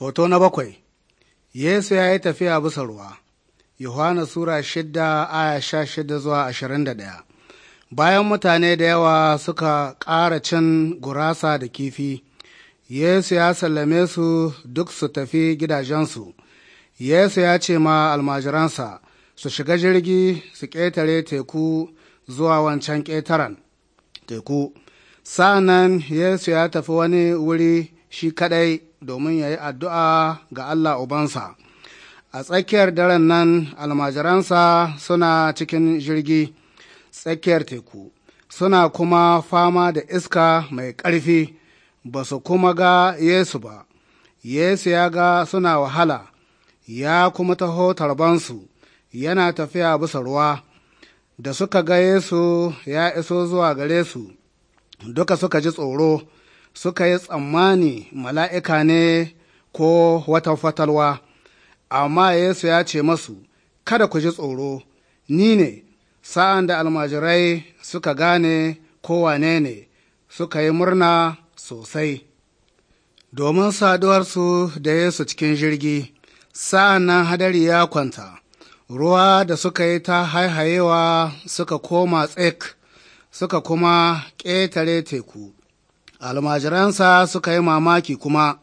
Hoto na bakwai Yesu ya yi tafiya bisa ruwa, Yohana Sura shida aya sha shida zuwa ashirin da ɗaya. Bayan mutane da yawa suka ƙara cin gurasa da kifi, Yesu ya sallame su duk su tafi gidajensu. Yesu ya ce ma almajiransa su shiga jirgi su ƙetare teku zuwa wancan ƙetaren teku. Sa'an nan Yesu ya tafi wani wuri shi kaɗai. domin ya yi addu'a ga Allah Ubansa. A tsakiyar daren nan almajiransa suna cikin jirgi tsakiyar teku, suna kuma fama da iska mai ƙarfi, ba su kuma ga Yesu ba. Yesu ya ga suna wahala, ya kuma taho tarbansu, yana tafiya bisa ruwa, da suka ga Yesu ya iso zuwa gare su, duka suka ji tsoro. suka yi tsammani mala'ika ne ko wata fatalwa, amma Yesu ya ce masu, Kada ku ji tsoro, ni ne, sa'an da almajirai suka gane kowane ne, suka yi murna sosai. Domin saduwarsu da Yesu cikin jirgi, sa'an nan hadari ya kwanta, ruwa da suka yi ta haihayewa suka koma tsek, suka kuma ƙetare teku. almajiransa suka yi mamaki kuma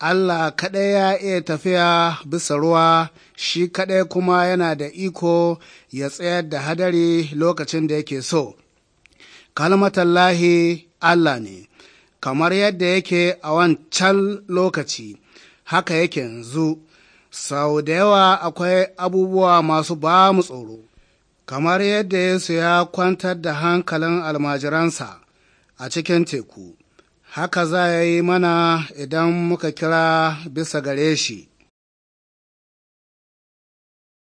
Allah kaɗai ya iya tafiya bisa ruwa shi kaɗai kuma yana da iko ya tsayar da hadari lokacin da yake so kalmatallahi Allah ne kamar yadda yake a wancan lokaci haka yake yanzu sau da yawa akwai abubuwa masu ba mu tsoro kamar yadda yesu ya kwantar da hankalin almajiransa a cikin teku haka za ya yi mana idan muka kira bisa gare shi.